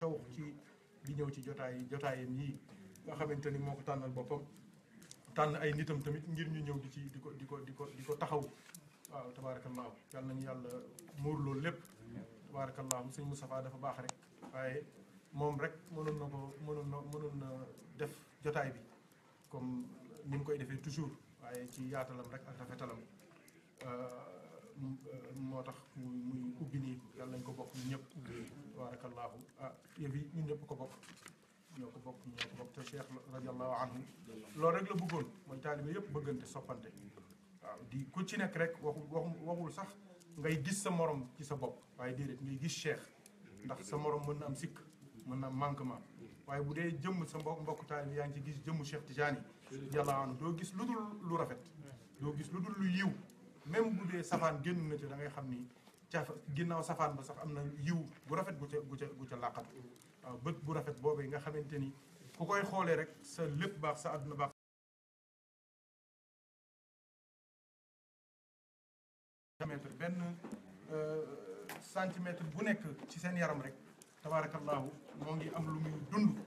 xew ci di ñëw ci jotaay jotaayam yii nga xamante ni moo ko tànnal boppam tànn ay nitam tamit ngir ñu ñëw di ci di ko di ko di ko di ko taxaw waaw tabaarakallaahu yal nañu yàlla muur loolu lépp tabaarakallaahu sëñ Moustapha dafa baax rek waaye moom rek mënoon na ko mënoon na na def jotaay bi comme ni mu koy defee toujours waaye ci yaatalam rek ak rafetalam euh, moo tax muy ubbi nii yàlla nañ ko bokk ñu ñëpp tabaarakallaahu ah yëf yi ñun ko bokk ko bokk ñoo ko bokk te cheikh radiallahu anhu loolu rek la bëggoon mooy taalibe yëpp bëggante soppante waaw di ku ci nekk rek waxu waxu waxul sax ngay gis sa moroom ci sa bopp waaye déedéet ngay gis cheikh ndax sa moroom mën na am sikk mën na am manquement waaye bu dee jëmm sa mbokk mbokk taalibe yaa ngi ci gis jëmmu cheikh Tidiane yi doo gis lu dul lu rafet doo gis lu dul lu yiw même bu dee safaan génn na ci da ngay xamni ci ginnaw safan ba sax amna yiw bu rafet bu ci bu ci bu ci laqat waaw bu rafet boobu nga xamanteni ku koy xolé rek sa lepp bax sa aduna bax centimètre euh centimètre bu nek ci sen yaram rek tabarakallah mo ngi am lu muy dund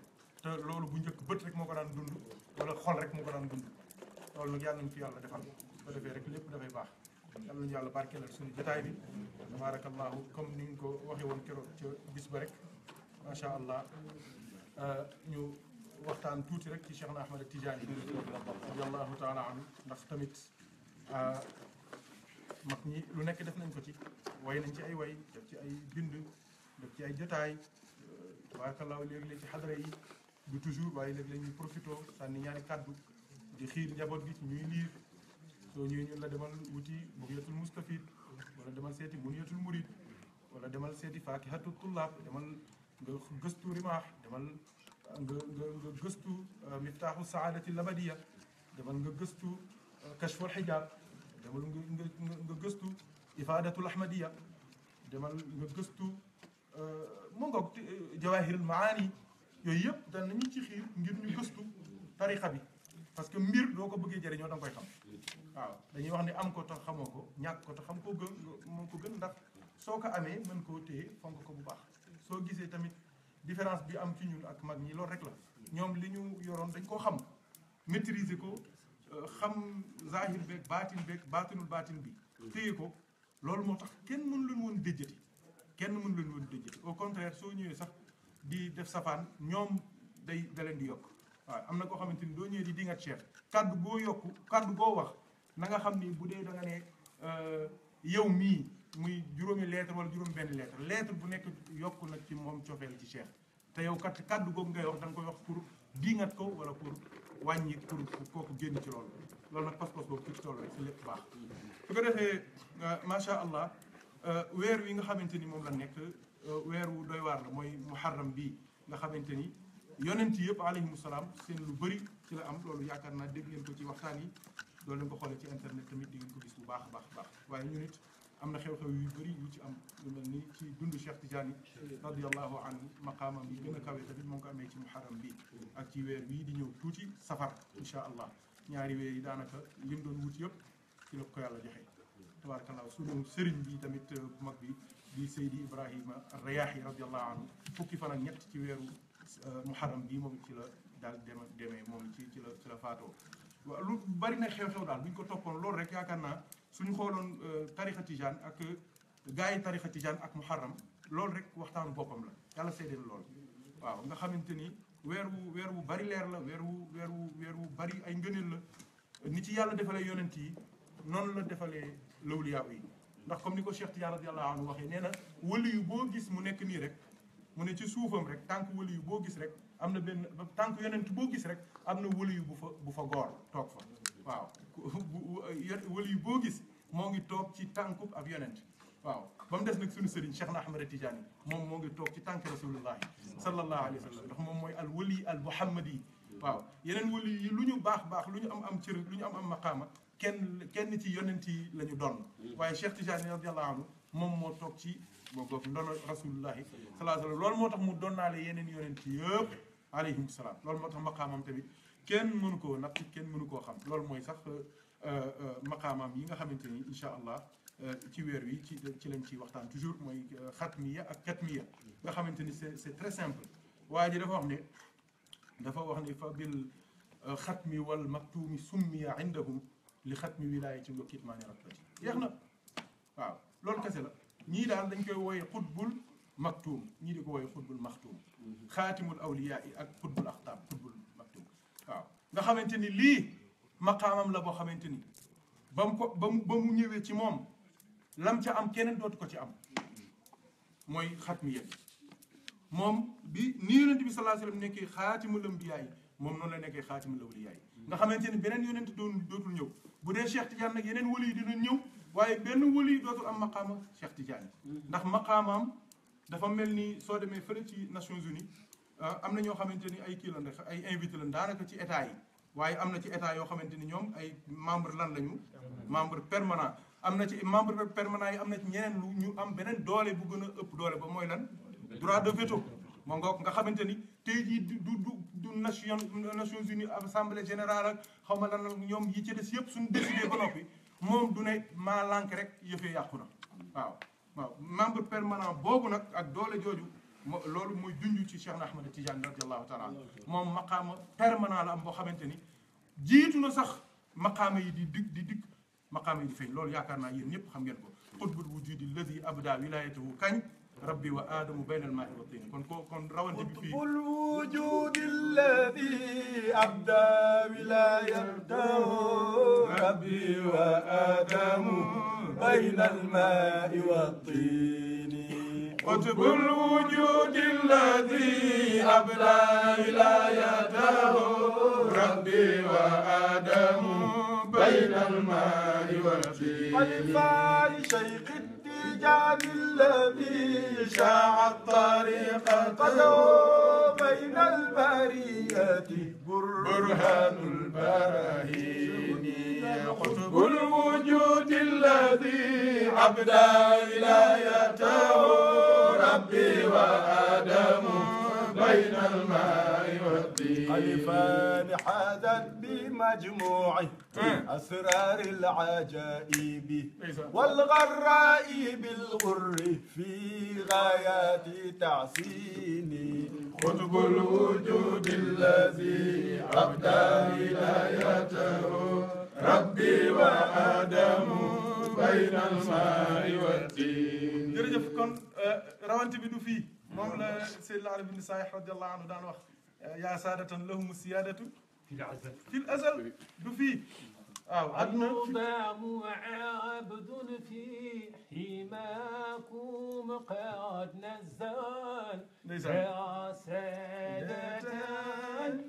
te lolu bu ñëk rek moko daan dund wala xol rek moko daan dund lolu nag yàlla ñu fi yalla defal ko defé rek baax yal nañu yàlla barkeelal suñu jotaay bi tabarakallahu comme ni ñu ko waxee woon keroog ca bis ba rek macha allah euh, ñu waxtaan tuuti rek ci Cheikhna Ahmad Tijaani radiyallahu taala anhu ndax tamit euh, mag ñi lu nekk def nañ ko ci way nañ ci ay way def ci ay bind def ci ay jotaay tabarakallahu léeg-léeg ci xadra yi du toujours waaye léeg-léeg ñuy profito sànni ñaari kàddu xiir njaboot gi ci ñuy soo ñëwee ñun la demal wuti Mugiyatul Mustafid wala demal seeti Munyatul Murid wala demal seeti Faakihatu Tullaab demal nga gëstu Rimaax demal nga nga nga gëstu Miftaaxu Saadati Labadiya demal nga gëstu Kashful Xijaab demal nga nga nga gëstu Ifaadatul Ahmadiya demal nga gëstu mu ngoog Jawaahirul Maani yooyu yëpp danañu ci xiir ngir ñu gëstu tariqa bi parce que mbir doo ko bëggee jëriñoo da nga koy xam. waaw dañuy wax ne am ko tax xamoo ko ñàkk ko tax xam koo gën moom ko gën ndax soo ko amee mën koo téye fonk ko bu baax soo gisee tamit différence bi am ci ñun ak mag ñi loolu rek la ñoom li ñu yoroon dañ koo xam maîtriser ko euh, xam zahir beeg baatin beeg baatinul baatin bi téye ko loolu moo tax kenn mënu leen woon déjjati kenn mënu leen woon déjjati au contraire soo ñëwee sax di def safaan ñoom day da di yokk waa am na koo xamante ni doo ñëwee di dingat cheikh kàddu boo yokku kàddu boo wax na nga xam ni bu dee da nga ne euh, yow mii muy juróomi lettre wala juróom benn lettre lettre bu nekk yokk nag ci moom la ci Cheikh te yow katt kàddu googu ngay wax da nga koy wax pour diingat ko wala pour wàññi pour kooku génn ci loolu loolu nag pas-pas boobu ci tool rek si lépp baax su ko defee euh, macha allah euh, weer wi nga xamante ni moom la nekk weer wu doy waar la mooy muharram bi nga xamante ni yonent yëpp alayhimu salaam seen lu bëri ci la am loolu yaakaar naa dégg ngeen ko ci waxtaan yi loolu leen ko xoolee ci internet tamit di ngeen ko gis bu baax baax baax waaye ñun it am na xew-xew yu bëri yu ci am lu mel ni ci dund Cheikh Tidiane gën a kawee tamit moo ngi ko amee ci muharram bi ak ci weer bii di ñëw tuuti safar incha allah ñaari weer yi daanaka lim doon wut yëpp ci la ko yàlla joxe tabarakallah sunu sëriñ bi tamit euh, bu mag bi di Seydi Ibrahima Rayaahi radiallahu anhu fukki fan ak ñett ci weeru euh, muharram bi moom ci la daal dem demee ci ci la ci la faatoo waaw lu bari na xew-xew daal bu ñu ko toppoon loolu rek yaakaar naa suñu xooloon tarixa tijaan ak gars yi tarixa tijaan ak muharram loolu rek waxtaanu boppam la yàlla seedeel loolu waaw nga xamante ni weer wu weer wu bari leer la weer wu weer wu weer wu bari ay ngëneel la ni ci yàlla defalee yonent yi noonu la defalee lawliyaaw yi ndax comme ni ko Cheikh Tidiane radiyallahu anhu waxee nee na wëli yu boo gis mu nekk nii rek mu ne ci suufam rek tànk wëli yu boo gis rek am na benn tànk yonent boo gis rek am na wëliyu bu fa bu fa goor toog fa waaw wëliyu boo gis moo ngi toog ci tànk ak yonent waaw ba mu des nag suñu sëriñ Cheikh na Ahmada Tijaani moom moo ngi toog ci tànk rasulullahi sallallahu alayhi wa sallam ndax moom mooy al wali al muhammadi waaw yeneen wali yi lu ñu baax baax lu ñu am am cër lu ñu am am maqaama kenn kenn ci yonent yi la ñu doon waaye Cheikh Tijaani radiallahu anhu moom moo toog ci moo goog ndono rasulullahi sallallahu alayhi wa loolu moo tax mu donnaale yeneen yonent yëpp عليه السلام لول موتاخ مقامام تبي كين منوكو نات كين منوكو خام لول موي صاح مقامام ييغا خامتيني ان شاء الله تي وير وي تي لا نتي وقتان توجور موي خاتميه اك كاتميه غا خامتيني سي سي تري سامبل وادي دا فوخني دا فوخني فبال ختمي والمكتوم سمي عندهم لختم ولايه لوكيت ماني ركتي يخنا واو لول كاسلا ني دال دنجكاي ووي قطبل maktuum ñii di ko woowee xutbul maktuum xaatimul awliyaa yi ak xutbul axtaab xutbul maktuum waaw nga xamante ni lii maqaamam la boo xamante ni ba mu ko ba mu ba mu ñëwee ci moom lam ca am keneen dootu ko ci am mooy xatmi yéen moom bi nii yonent bi sallallahu alayhi wa sallam nekkee xaatimul ambiyaa yi moom noonu la nekkee xaatimul awliyaa yi nga xamante ni beneen yonent doon dootul ñëw bu dee Cheikh Tidiane nag yeneen wëli yi dinañ ñëw waaye benn wëli yi dootul am maqaama Cheikh Tidiane ndax maqaamam dafa mel nii soo demee fële ci Nations Unies euh, am na ñoo xamante ni ay kii lan rek ay invité lan daanaka ci état yi waaye am na ci état yoo xamante ni ñoom ay membre lan lañu membre permanent am na ci membre permanent yi am na ci ñeneen lu ñu am beneen doole bu gën a ëpp doole ba mooy lan droit de veto moo ngoog nga xamante ni tey jii du du du nation Nations Unies assemblée générale ak xaw ma lan ñoom yi ci des yëpp suñu décidé ba noppi moom du ne maa lànk rek yëfee yàqu na waaw waaw membre permanent boobu nag ak doole jooju loolu muy junj ci Cheikh Ahmed Tidiane radiallahu taala an moom maqaama permanent la am boo xamante ni jiitu na sax maqaama yi di dig di dig maqaama yi di feeñ loolu yaakaar naa yéen ñëpp xam ngeen ko xutbul wujudi ladi abda wilayatahu kañ rabbi wa aadamu bayna al maai wa tini kon ko kon rawante bi fii xutbul wujudi ladi abda wilayatahu rabbi wa aadamu بين الماء والطين قطب الوجود الذي أبلى يداه ربي وآدم بين الماء والطين ولفعل شيخ التجار الذي شاع الطريق الطريقة بين البرية برهان البراهين قطب الوجود الذي عبدا يتاه ربي وآدم بين الماء والدين ألفان حازت بمجموع أسرار العجائب إيه والغرائب الغر في غايات تعسيني قطب الوجود الذي عبدا ولايته ربي وآدم بين الماء والدين جرجف كون آه، روانتي بدو في مام لا سيد العرب بن سايح رضي الله عنه دان وخ يا سادة لهم السيادة في الأزل في الأزل دو في آه، يضاع عبد في حماكم قد نزل يا سادة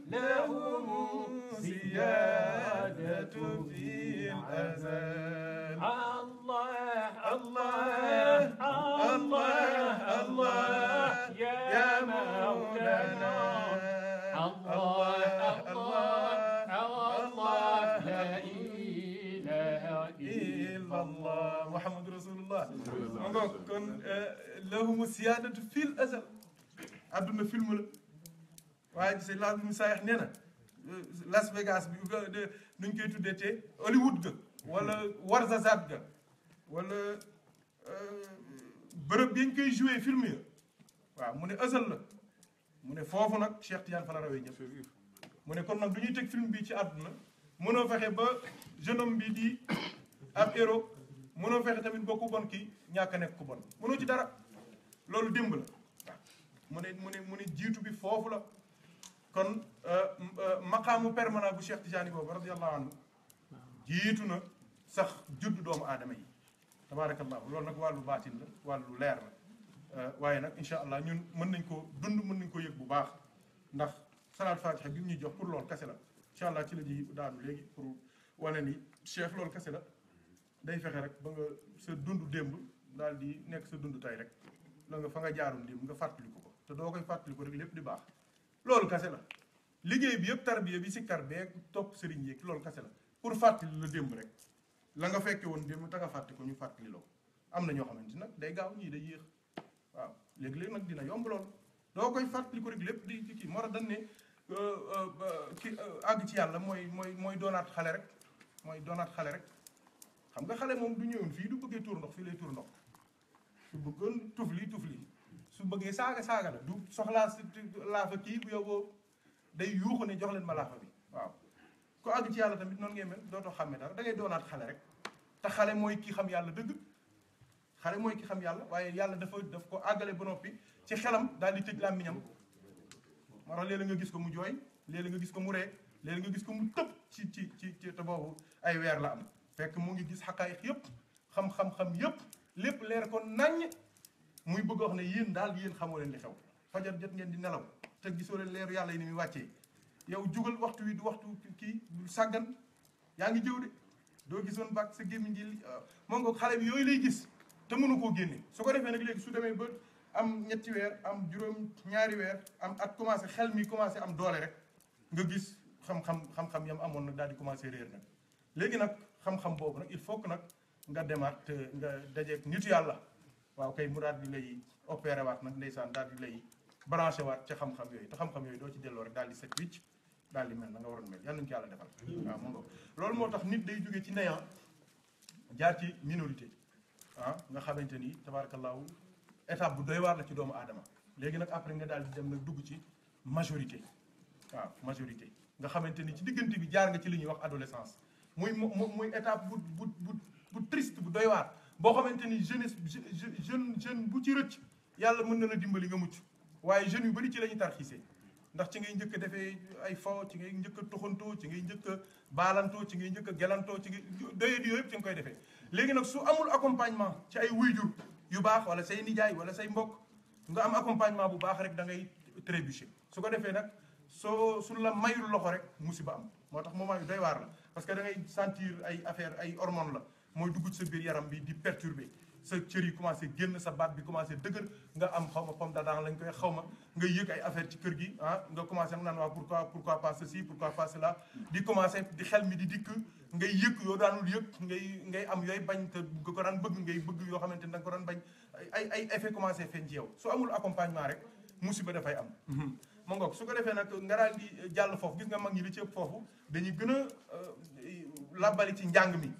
لهم زيادة في الأزل الله الله الله الله siyaadatu fil asal àdduna film la waaye gis la mu sayax na Las Vegas bi de ñu koy tuddee Hollywood ga wala Warzazat ga wala euh, bërëb yañ koy joué film ya waaw mu ne asal la mu ne foofu nag Cheikh Tidiane fa la rawee ñëpp ne kon nag du ñuy film bi ci àdduna mënoo fexe ba jeune homme bi di ab héros mënoo fexe tamit boo ku bon kii ñàkk nekk ku ci dara loolu démb la mu ne mu ne mu ne jiitu bi foofu la kon euh, euh, maqaamu permanent bu Cheikh Tidiane boobu radiallahu anhu jiitu na sax juddu doomu aadama yi tabarakallahu loolu nag wàllu baatin la wàllu leer la euh, waaye nag incha allah ñun mën nañ koo dund mën nañ ko yëg bu baax ndax salaat fatiha gi ñuy jox pour loolu kese la incha allah ci la ji daanu léegi pour wane ni cheikh loolu kese la day fexe rek ba nga sa dund démb daal di nekk sa dund tey rek na fa nga jaarum lim nga fàttaliku ko te doo koy fàttaliku rek lépp di baax loolu kase la liggéey bi yëpp tarbiya bi si kar beeg topp sëriñ yeeg loolu kase la pour fàttali la démb rek la nga fekke woon démb te nga fàtte ko ñu fàttali loo am na ñoo xamante nag day gaaw ñii day yéex waaw léegi-léegi nag dina yomb lool doo koy fàttaliku rek lépp di kii moo tax dañ euh, euh, euh, àgg ci yàlla mooy mooy mooy doonaat xale rek mooy doonaat xale rek xam nga xale moom du ñëwoon fii du bëggee tuur ndox fii lay tuur ndox su bëggoon tufli tufli su bëggee saaga saaga la du soxlaa si laafa kii bu yowboo day yuuxu ne jox leen ma laafa bi waaw ku àgg ci yàlla tamit noonu ngay mel dootoo xàmme dara da doonaat xale rek te xale mooy kii xam yàlla dëgg xale mooy ki xam yàlla waaye yàlla dafa daf ko àggale ba noppi ci xelam daal di tëj làmmiñam moo tax léeg-léeg nga gis ko mu jooy léeg nga gis ko mu ree léeg nga gis ko mu tëb ci ci ci ci te boobu ay weer la am fekk mu ngi gis xaqaayiq yëpp xam-xam-xam lépp leer ko naññ muy bëgg wax ne yéen daal yéen xamoo leen di xew fajar jot ngeen di nelaw te gisoo leen leer yàlla yi ni muy wàccee yow jugal waxtu wi du waxtu kii sàggan yaa ngi jëw de doo gisoon bàq sa gémmiñ gi euh, moom nga xale bi yooyu lay gis te mënu koo génne su ko defee nag léegi su demee ba am ñetti weer am juróom ñaari weer am at commencé xel mi commencé am doole rek nga gis xam-xam xam-xam yam amoon nag daal di commencé réer nag léegi nag xam-xam boobu il faut que nag nga demaat nga dajeeg nitu yalla waaw kay mu di lay opéré wat nak ndeysaan dal di lay branché wat ci xam-xam yoy te xam-xam yoy do ci delloo rek daal di set wicc dal di mel nga waroon mel yalla nañu yalla defal waaw mo ngo loolu moo nit day jogé ci néant jaar ci minorité han ah, nga xamante tabarakallah étape bu doy war la ci doomu adama légui nak après nga dal di dem nak dugg ci majorité waaw majorité nga xamante ci digënté bi jaar nga ci li ñuy wax adolescence muy muy étape bu bu bu triste bu doy waar boo xamante ni jeunesse jeune jeune bu ci rëcc yàlla mën na la dimbali nga mucc waaye jeunes yu bëri ci la ñu tarxiisee ndax ci ngay njëkk defee ay faw ci ngay njëkk a ci ngay njëkk baalantoo ci ngay njëkk a gelantoo ci ngay doyadi yooyu yëpp ci nga koy defee léegi nag su amul accompagnement ci ay wuyjur yu baax wala say nijaay wala say mbokk nga am accompagnement bu baax rek da ngay su ko defee nag soo su la mayul loxo rek musiba am moo tax moment yu doy parce que da ngay sentir ay ay hormone la moy dugg ci bir yaram bi di perturber sa cieur yi commencé genn sa bat bi commencé deuguer nga am xawma pom pomme lañ koy xawma nga yek ay affaire ci kër gi ah nga commencé nan wa pourquoi pourquoi pas ceci pourquoi pas cela di commencé di xel mi di dik nga yek yo daanul yek ngay ngay am yoy bañ te ko daan bëgg ngay bëgg yo xamanteni ne da nga ko daan bañ ay ay effet commencé feeñ ci yow soo amul accompagnement rek musiba fay am mo mm-hmm. ngok su ko defé nak nga daal di jall fofu gis nga mag ñi li ci fofu dañuy gëna euh, labali ci njang mi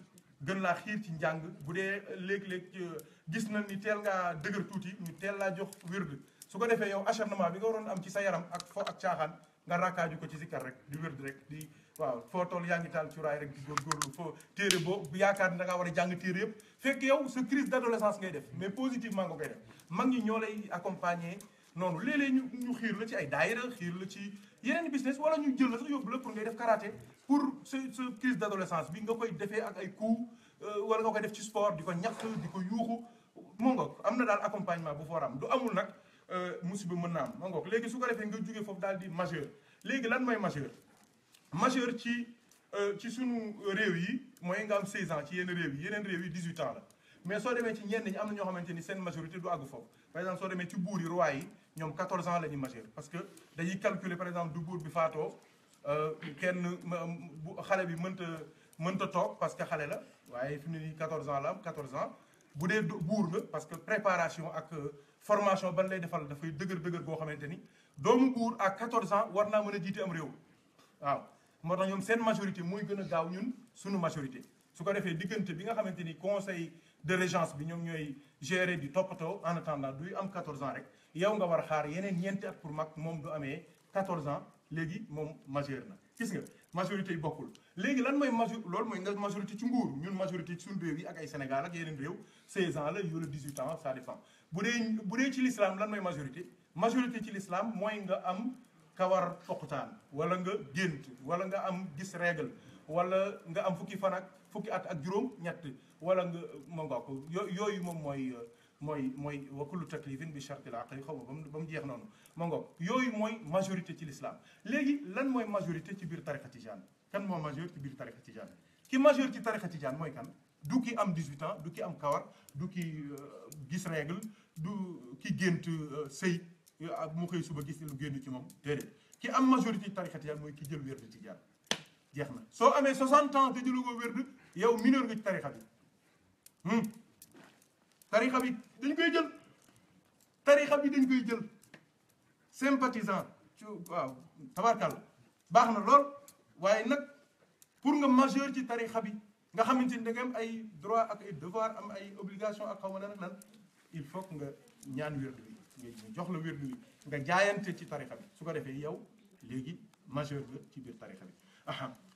gën laa xiir ci njàng bu dee léeg-léeg euh, gis na ni teel ngaa dëgër tuuti ñu teel laa jox wird su ko defee yow acharnement bi nga waroon am ci sa yaram ak fo ak caaxaan nga rakkaaju ko ci sikkar rek di wird rek di waaw foo tool yaa ngi taal cuuraay rek di góorgóorlu foo téere boo yaakaar ni da war a jàng téere yëpp fekk yow sa crise d' ngay def mais positivement nga koy def mag ñi ñoo lay accompagner noonu léeg-léeg ñu ñu xiir la ci ay daayira xiir la ci yeneen business wala ñu jël la sax yóbbu la pour ngay def karaté pour sa sa crise d' bi nga koy defee ak ay ku euh, wala nga koy def ci sport di ko ñàkk di ko yuuxu moo am na daal accompagnement bu fooram du amul nag euh, musiba mën naa am moo léegi su ko defee nga jógee foofu daal di majeur léegi lan mooy majeur majeur ci euh, ci sunu réew yi mooy nga am 16 ans ci yenn réew yi yeneen réew yi la mais soo demee ci ñenn ñi am na ñoo xamante ni seen majorité du àggu foofu par exemple soo demee ci buur yi roi yi ñoom 14 ans la ñuy majeur parce que dañuy calculer par exemple du buur bi faatoo euh, kenn bu xale bi mënta mënta toog parce que xale la waaye fi mu ne 14 ans la am 14 ans bu dee buur parce que préparation ak euh, formation ban lay defal dafay dëgër dëgër boo xamante ni doomu buur à 14 ans war naa mën a jiite am réew waaw moo tax ñoom seen majorité mooy gën a gaaw ñun suñu majorité su ko defee diggante bi nga xamante ni conseil de régence bi ñoom ñooy gérer di toppatoo en attendant duy am 14 ans rek yow nga war a xaar yeneen ñeenti at pour mag moom du amee 14 ans léegi moom majeur na. gis nga majorité yi bokkul léegi lan mooy major loolu mooy nga majorité ci nguur ñun majorité ci suñu réew yi ak ay Sénégal ak yeneen réew 16 ans la yoola 18 ans ça dépend bu dee bu dee ci l'islam lan mooy majorité majorité ci lislaam mooy nga am kawar foqutaan wala nga gént wala nga am gis règle wala nga am fukki fan fukki at ak juróom wala nga ma nga yooyu moom mooy mooy mooy wakulu taklifin bi chartil aqli xaw ma ba mu jeex noonu ma nga ko yooyu mooy majorité ci l'islam léegi lan mooy majorité ci biir tariqa tijaan kan moo majorité ci biir tariqa tijaan ki majorité ci tariqa tijaan mooy kan du ki am 18 ans du ki am kawar du ki euh, gis règle du ki gént euh, sëy ak mu xëy suba gis lu génn ci moom déedéet ki am majorité ci tariqa tijaan mooy ki jël wérdu tijaan jeex na soo amee 60 ans te jëlugoo wérdu yow mineur nga ci tariqa bi Hmm. tarixa bi dañ koy jël tarixa bi dañ koy jël sympathisant ci waaw tabarkàlla baax na lool waaye nag pour nga majeur ci tarixa bi nga xamante ni da am ay droit ak ay devoir am ay obligation ak xaw ma nan nan il faut nga ñaan wérdu bi nga jox la wérdu bi nga jaayante ci tarixa bi su ko defee yow léegi majeur nga ci biir tarixa bi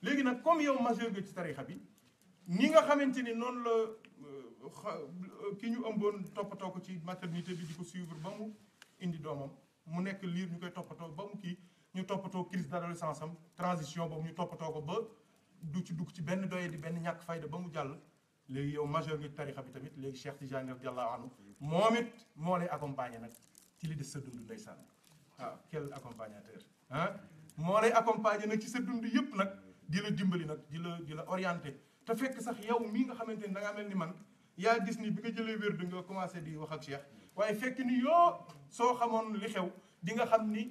léegi nag comme yow majeur nga ci tarixa bi ni nga xamante ni noonu ki ñu ëmboon toppatoo ko ci maternité bi di ko suivre ba mu indi doomam mu nekk liir ñu koy toppatoo ba mu kii ñu toppatoo crise d'adolescence am transition boobu ñu toppatoo ko ba du ci dugg ci benn doye di benn ñàkk fayda ba mu jàll léegi yow majeur ngi tarixa bi tamit léegi Cheikh Tidiane radiallahu anhu moom it moo lay accompagné nag ci li des sa dund ndeysaan waaw quel accompagnateur ah moo lay accompagner nag ci sa dund yëpp nag di la dimbali nag di la di la orienté te fekk sax yow mi nga xamante ni da nga mel ni man yaa gis ni bi nga jëlee wér du nga commencé di wax ak Cheikh waaye fekk ni yoo soo xamoon li xew di nga xam ni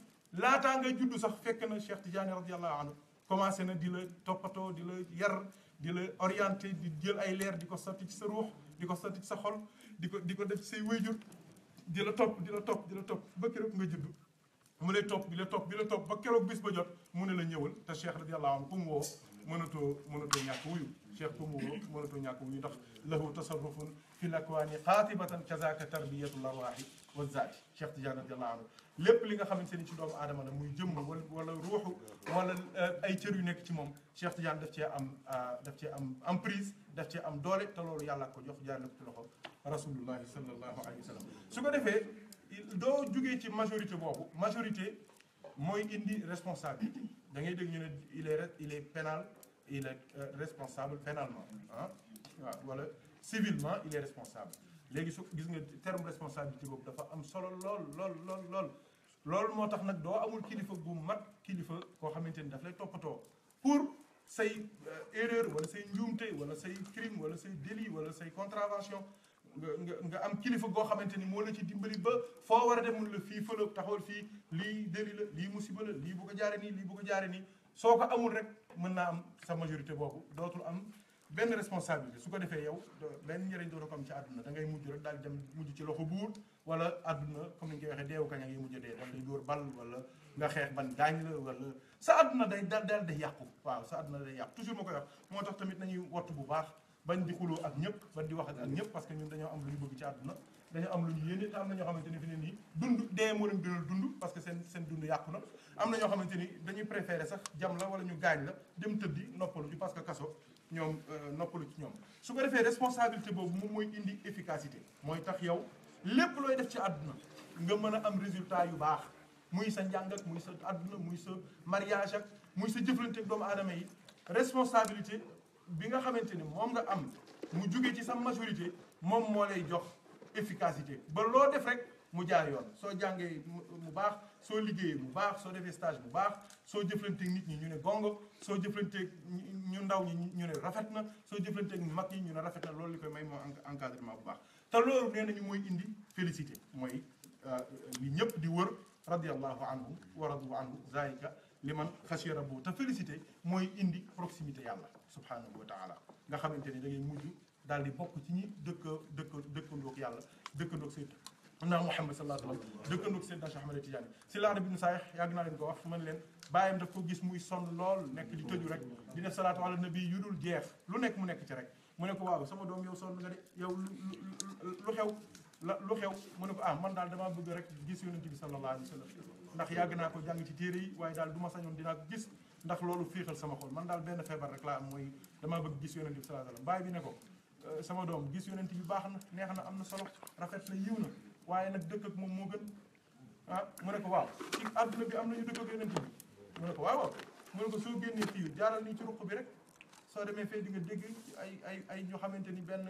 laataa nga juddu sax fekk na Cheikh Tidiane radiyallahu anhu commencé na di la toppatoo di la yar di la orienté di jël ay leer di ko sotti ci sa ruux di ko sotti ci sa xol di ko di ko def ci say wéyjur di la topp di la topp di la topp ba keroog nga judd mu lay topp bi la topp bi la topp ba keroog bis ba jot mu ne la ñëwal te Cheikh radiyallahu anhu ku mu woo mënatoo mënatoo ñàkk wuyu cheikh Koumbourou mënatoo ñàkk wuyu ndax lahu tasarrufun fi lakwaani xaatibatan kazaka tarbiyatu larwaaxi wa zaati cheikh Tidiane radiallahu anhu lépp li nga xamante ni ci doomu aadama la muy jëmm wala wala ruuxu wala ay cër yu nekk ci moom cheikh Tidiane daf cee am daf cee am emprise daf cee am doole te loolu yàlla ko jox jaar na ko ci loxo rasulullahi sallallahu alayhi wa sallam su ko defee doo jugee ci majorité boobu majorité mooy indi responsabilité Donc ngay ñu il est il est pénal il est euh, responsable pénalement Hein? waaw wala civilement il est responsable Les termes gis nga terme responsabilité boobu dafa am solo lol lol lol lol. Lol moo tax nag doo amul kilifa bu mat kilifa ko xamanteni daf lay topato pour say euh, erreur wala say njuumte wala say crime wala say délit wala say contravention nga nga nga am kilifa goo xamante ni moo la ci dimbali ba foo war a dem mun la fii fëlëb taxawal fii lii dëri la lii musiba la lii bu ko jaare nii lii bu ko jaare nii soo ko amul rek mën naa am sa majorité boobu dootul am benn responsabilité su ko defee yow benn njëriñ doo ko am ci àdduna da ngay mujj rek daal dem mujj ci loxo buur wala àdduna comme ni ñu koy waxee deewu kañ ak yi mujj dee wala dóor bal wala nga xeex ban daañ la wala sa àdduna day daal daal day yàqu waaw sa àdduna day yàqu toujours ma koy wax moo tax tamit nañuy wattu bu bañ di xuloo ak ñëpp wax ak ñëpp parce que ñun dañoo am lu ñu bëgg ci àdduna dañoo am lu ñu yéene te am na ñoo xamante ni fi ne nii dund dee moo leen gënal dund parce que seen seen dund yàqu na am na ñoo xamante ni dañuy préféré sax jam la wala ñu gaañ la dem tëddi noppalu ci parce que kaso ñoom euh, noppalu ci ñoom su ko defee responsabilité boobu moom mooy indi efficacité mooy tax yow lépp looy def ci àdduna nga mën a am résultat yu baax muy sa njàng ak muy sa àdduna muy sa mariage ak muy sa jëflante ak doomu aadama yi responsabilité bi nga xamante ni moom nga am mu jóge ci sa majorité moom moo lay jox efficacité ba loo def rek mu jaar yoon soo jàngee bu baax soo liggéeyee bu baax soo defee stage bu baax soo jëflanteeg nit ñi ñu ne gongo soo jëflanteeg ñu ndaw ñi ñu ne rafet na soo jëflanteeg mag ñi ñu ne rafet na loolu li koy may moo encadrement bu baax te loolu nee nañu mooy indi félicité mooy euh, euh, li ñëpp di wër radiallahu anhu wa radu anhu zalika li man rabbu te félicité mooy indi proximité yàlla subhanahu wa taala nga xamante ni da mujj daal di bokk ci ñi dëkk dëkk dëkkandoog yàlla dëkkandoog seen naa Muhammad sallallahu alayhi wa sallam dëkkandoog Seydina Cheikh Ahmed Tidiane si laata bi nu saa yàgg naa leen ko wax man leen bàyyam daf ko gis muy sonn lool nekk di tëju rek di def salaatu ala nabi yu dul jeex lu nekk mu nekk ci rek mu ne ko waaw sama doom yow sonn nga de yow lu xew la lu xew mu ne ko ah man daal damaa bëgg rek gis yonent bi sallallahu alayhi wa sallam ndax yàgg naa ko jàng yi waaye daal du ma sañoon dinaa ko gis ndax loolu fiixal sama xol man daal benn feebar rek laa mooy dama bëgg gis yonent bi sallallahu la wasallam baay ne ko euh, sama doom gis yonent bi baax na neex na am na solo rafet na yiw waaye nag dëkk moom moo gën ah mu ne ko waaw ci àdduna bi am na dëkk ak yonent bi mu ne ko waaw waaw mu ne ko soo génnee fii jaaral nii ci ruq bi rek soo demee fee di nga dégg ay ay ay ñoo xamante ni benn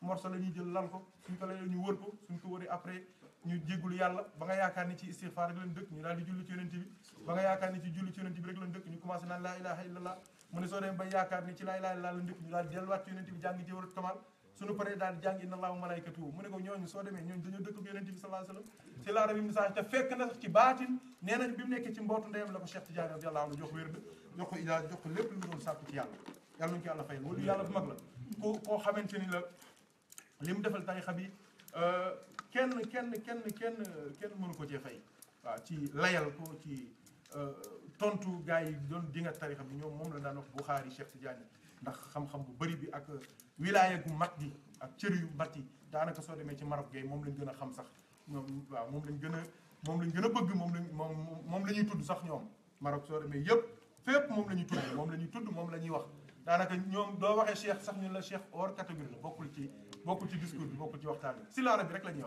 morceau la ñuy jël lal ko suñ ko la ñu wër ko suñ ko wëri après ñu jéggul yàlla ba nga yaakaar ni ci istighfar rek lañ dëkk ñu daal di julli ci yonent bi ba nga yaakaar ni ci julli ci yonent bi rek lañ dëkk ñu commencé naan laa ilaha illallah mu ne soo dem ba yaakaar dëkk ñu daal di delluwaat ci yonent bi jàng jëwarat kamal suñu paree daal di jàng inna allahu malaykatuhu mu ne ko ñooñu soo demee ñooñu dañoo dëkk ak yonent bi sallallahu alayhi yàlla yàlla ñu ko yàlla fayal wala yàlla bu mag la ko koo xamante ni la li defal tarixa bi euh, kenn kenn kenn kenn kenn mënu ko cee fay waaw ci layal ko ci euh, tontu gars yi doon di nga tarixa bi ñoom moom la daan wax Buxaari Cheikh Tidiane ndax xam-xam bu bëri bi ak wilaya gu mat gi ak cër yu mat yi daanaka soo demee ci Maroc gay moom lañ gën a xam sax ñoom waaw moom lañ gën a moom lañ gën a bëgg moom lañ moom moom la ñuy tudd sax ñoom Maroc soo demee yëpp fépp moom la ñuy tudd moom la ñuy tudd moom la ñuy wax daanaka ñoom doo waxee Cheikh sax ñun la Cheikh hors catégorie la bokkul ci bokkul ci discours bi bokkul ci waxtaan bi si laara bi rek la ñuy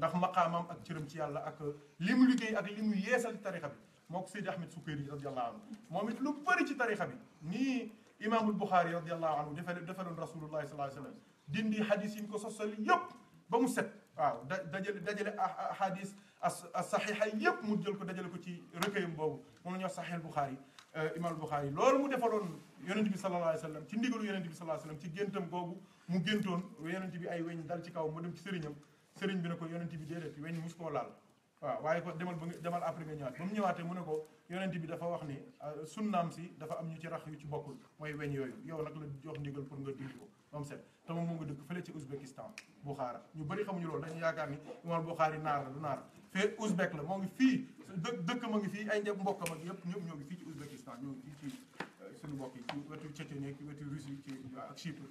wax ma maqaamam ak cëram ci yàlla ak euh, li mu liggéey ak li mu yeesal ci tarixa bi moo ko Seydi Ahmed Sukayri radiallahu anhu moom it lu bëri ci tarixa bi nii imaamul Buxaari radiallahu anhu defe defaloon rasulullahi sallallahu alayhi wa sallam dindi hadis yi ñu ko sosal yëpp ba mu set waaw da dajale dajale hadis as saxiixa yëpp mu jël ko dajale ko ci recueil boobu moom la ñuy wax saxiixul Buxaari Euh, imam Bukhari loolu mu defaloon yonent bi sallallahu alayhi wa sallam ci ndigalu yonent bi sallallahu wa sallam ci géntam googu mu géntoon yonent bi ay weñ dal ci kaw mu dem ci sëriñam sëriñ bi ne ko yonent bi déedéet weñ mus koo laal waaw waaye ko demal ba nga demal après nga ñëwaat ba mu ne ko yonent bi dafa wax ni euh, sunnaam si dafa am ñu ci rax yu ci bokkul mooy weñ yooyu yow nag la jox ndigal pour nga dindi ko moom set te mu nga dëkk fële ci Ouzbékistan Bukhara ñu bëri xamuñu loolu dañu yaakaar ni imaam Bukhari naar la du naar fee Ouzbek la moo ngi fii dë dëkk ma ngi fii ay njab mbokk ma ngi yëpp ñoom ñoo ngi fii ci Ouzbékistan ñoo ngi fii ci euh, suñu mbokk yi ci wetu Tchétchénie ci wetu Russie ci ak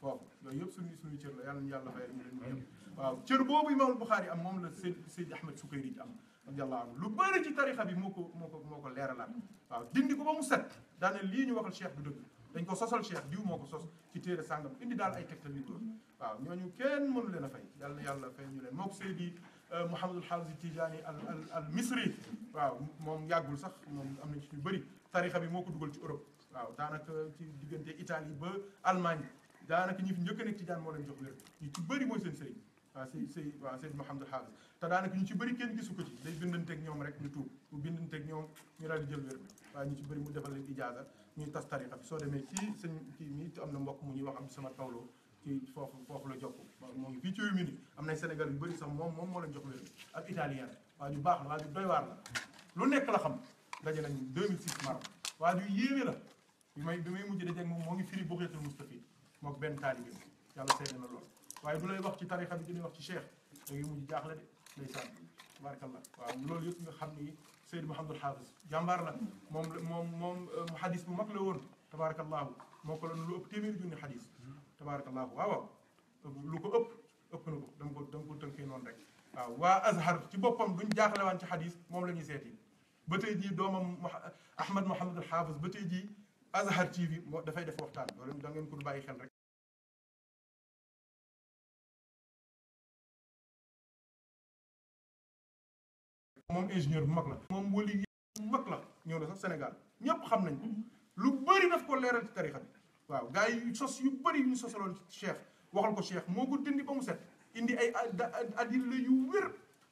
foofu loolu yëpp suñu suñu cër la yàlla ñu yàlla fayal ñu leen ñëpp waaw cër boobu imaamul Buxaari am moom la Seydi Seydi Ahmed Sukayri ji am radiyallahu anhu lu bëri ci tarixa bi moo ko moo ko moo ko leeralaat waaw dindi ko ba mu set daane lii ñu waxal cheikh du dëgg dañ ko sosal cheikh diw moo ko sos ci téere sàngam indi daal ay tegtal yu góor waaw ñooñu kenn mënu leen a fay yàlla na yàlla fay ñu leen moo ko Seydi Mouhamadul Haafis Tijaani al al al misri waaw moom yàggul sax moom am na ci ñu bëri tarixa bi moo ko dugal ci Europe waaw daanaka ci diggante Italie ba Allemagne daanaka ñi fi njëkk a nekk tijaan moo leen jox wér ñu ci bëri mooy seen sëriñ waaw ah, sëy sëy waaw ah, sëy Mouhamadou Hafiz te daanaka ñu ci bëri kenn gisu ko ci day bindanteeg ñoom rek ñu tuub bu bindanteeg ñoom ñu daal di jël wér ñu ci bëri mu defal leen ijaaza ñuy tas tariqa bi soo demee ci sëñ kii mi am na mbokk mu ñuy wax am sama kawloo ci foofu foofu la jokk moo ngi fii ci Munich am nay Sénégal yu bëri sax moom moom moo leen jox wér ak italien baax la waa doy waar la lu nekk la xam daje nañ 2006 Maroc waa ju yéeme la bi may bi may mujj dajeeg moom moo ngi firi mook benn taalibe yàlla seede na lool waaye du lay wax ci tarixa bi dina wax ci cheikh da ngay mujj jaaxle de ndeysaan barakallah waaw loolu yëpp nga xam ni Seyd Mouhamadul Haafis jàmbaar la moom la moom moom mu xadis bu mag la woon tabarakallahu moo ko doon lu ëpp téeméeri junni xadis tabarakallahu waaw waaw lu ko ëpp ëpp na ko dama ko dama ko tënkee noonu rek waaw waa Azhar ci boppam duñ jaaxle waan ci xadis moom la ñuy seeti ba tey jii doomam Ahmad Mouhamadul Haafis ba tey jii Azhar TV moo dafay def waxtaan loolu da ngeen ko bàyyi xel rek moom ingénieur bu mag la moom wali bu mag la ñëw na sax Sénégal ñëpp xam nañ lu bëri daf ko leeral ci tarixa bi waaw gars yi sos yu bëri yu ñu sosaloon ci cheikh ko cheikh moo ko dindi ba mu set indi ay adil la yu wér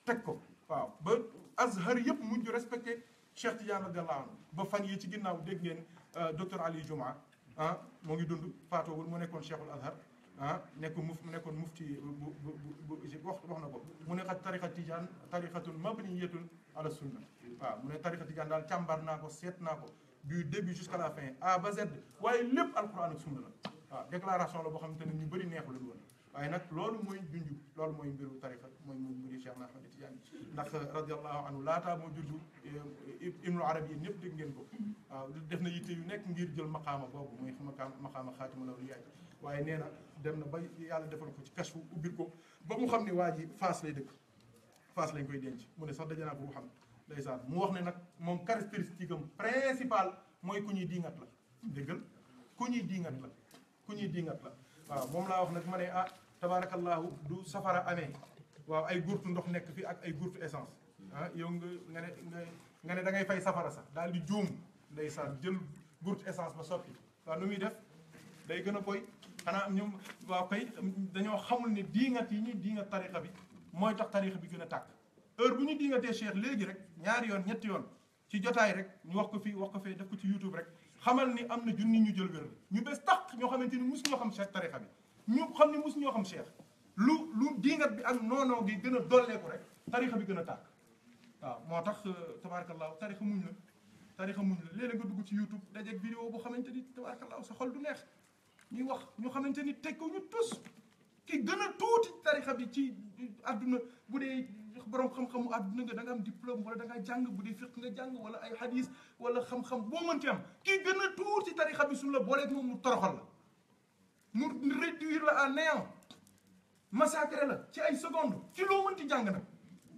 teg ko waaw ba azhar yëpp mujj respecté cheikh Tidiane radiallahu anhu ba fan yi ci ginnaaw dégg ngeen euh, docteur Ali Juma ah moo ngi dund faatoogul mu nekkoon cheikhul azhar ah nekk muf nekkoon mufti bu bu bu wax wax na ko mu ne xat tariqa tijaan tariqatun mabniyatun ala sunna waaw mu ne tariqa tijaan daal càmbar naa ko seet naa ko du début jusqu'à la fin A ba Z waaye lépp alquran ak sunna la waaw déclaration la boo xamante ne ñu bëri neexu la woon waaye nag loolu mooy junj loolu mooy mbiru tariqa mooy mbiru na Ahmed Tidiane ndax radiallahu anhu laataa moo juddu eh, ibnu arabi yi ñëpp dégg ngeen ko waaw def na yitte yu nekk ngir jël maqaama boobu mooy maqaama xaatima lawliyaa waaye nee na dem na ba yàlla defal ko ci kashfu ubbil ko ba mu xam ne waa ji Fass lay dëkk Fass lañ koy denc mu ne sax daje naa ko xam ndeysaan mu wax ne nag moom caractéristique am principal mooy ku ñuy diingat la déggal ku ñuy diingat la ku ñuy diingat la waaw moom laa wax nag ma ne ah tabaarakallaahu du safara amee waaw ay gurtu ndox nekk fi ak ay gurtu essence ah yow nga nga ne nga ne da ngay fay safara sax daal di juum ndeysaan jël gurtu essence ba soppi waaw nu muy def day gën a koy xanaa ñoom waaw kay dañoo xamul ne diingat yi ñuy diingat tarixa bi mooy tax tarixa bi gën a tàkk heure bu ñu diingatee cheikh léegi rek ñaari yoon ñetti yoon ci jotaay rek ñu wax ko fii wax ko fee def ko ci youtube rek xamal ni am na junni ñu jël wér ñu bés tàq ñoo xamante ni mus ñoo xam cheikh tarixa bi ñu xam ni mus ñoo xam cheikh lu lu diingat bi ak noonoo gi gën a dolleeku rek tarixa bi gën a tàkk waaw moo tax tabarakallahu tarixa muñ la tarixa muñ la léeg-léeg nga dugg ci youtube dajeeg vidéo boo xamante ni tabarakallahu sa xol du neex ñuy wax ñu xamante ni teg ko ñu tus ki gën a tuuti tarixa bi ci adduna bu dee borom xam-xamu adduna nga da am diplôme wala da nga jàng bu dee fiq nga jàng wala ay hadis wala xam-xam boo mënti am ki gën a tuuti tarixa bi suñu la booleeg moom mu toroxal la mu réduire la à néant massacré la ci ay seconde ci loo mënti jàng nag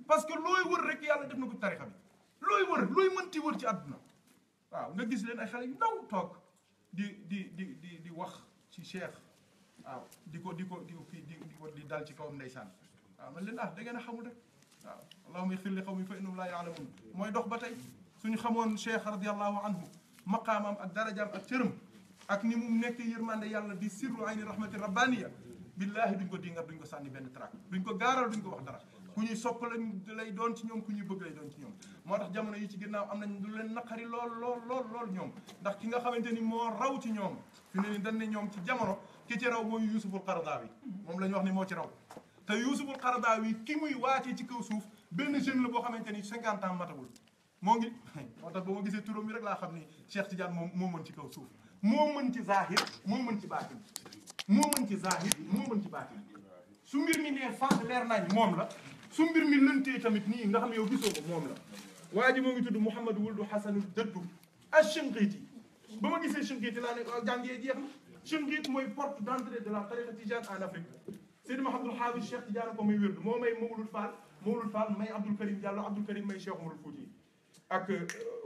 parce que looy wër rek yàlla def na ko tarixa bi looy wër looy mënti wër ci adduna waaw nga gis leen ay xale yu ndaw toog di di di di di wax ci Cheikh waaw di ko di ko di ko di ko di dal ci kawam ndeysaan waaw man leen ah da ngeen a xamul rek waaw allahumma ixfir li xawmi fa innahum laa yaalamuun mooy dox ba tey suñu xamoon Cheikh radiallahu anhu maqaamam ak darajaam ak cërëm ak ni mu nekk yërmande yàlla di sirru ayni rahmati rabbaniya billahi duñ ko dingat duñ ko sànni benn trac duñ ko gaaral duñ ko wax dara ku ñuy sopp lay doon ci ñoom ku ñuy bëgg lay doon ci ñoom moo tax jamono yi ci ginnaaw am nañ lu leen naqari lool lool lool lool ñoom ndax ki nga xamante ni moo raw ci ñoom fi ne ni dañ ñoom ci jamono ci raw mooy yuusuful xaradaawi moom la ñu wax ni moo ci raw te yuusuful xaradaawi ki muy waatee ci kaw suuf benn jeune la boo xamante ni cinquante ans matagul moo ngi moo tax boo ma gisee turoom bi rek laa xam ni Cheikh Tidiane moom moo mën ci kaw suuf moo mën ci zahir moo mën ci baatin moo mën ci zahir moo mën ci baatin su mbir mi nee fànn leer nañ moom la su mbir mi lëntee tamit nii nga xam ne yow gisoo ko moom la waa ji moo ngi tudd Mouhamed Wuldu Xasanul Dëddu ak Chinqiti ba ma gisee Chinqiti laa ne ko jàngee jeex na Chinqiti mooy porte d' entrée de la tariqa tijane en Afrique Seydi Mahamadul Xaafis Cheikh Tidiane ko muy wérdu moo may Mawlud Fall Mawlud Fall may Abdoul Karim Diallo Abdoul Karim may Cheikh Oumar Fouti ak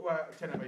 waa Ceneba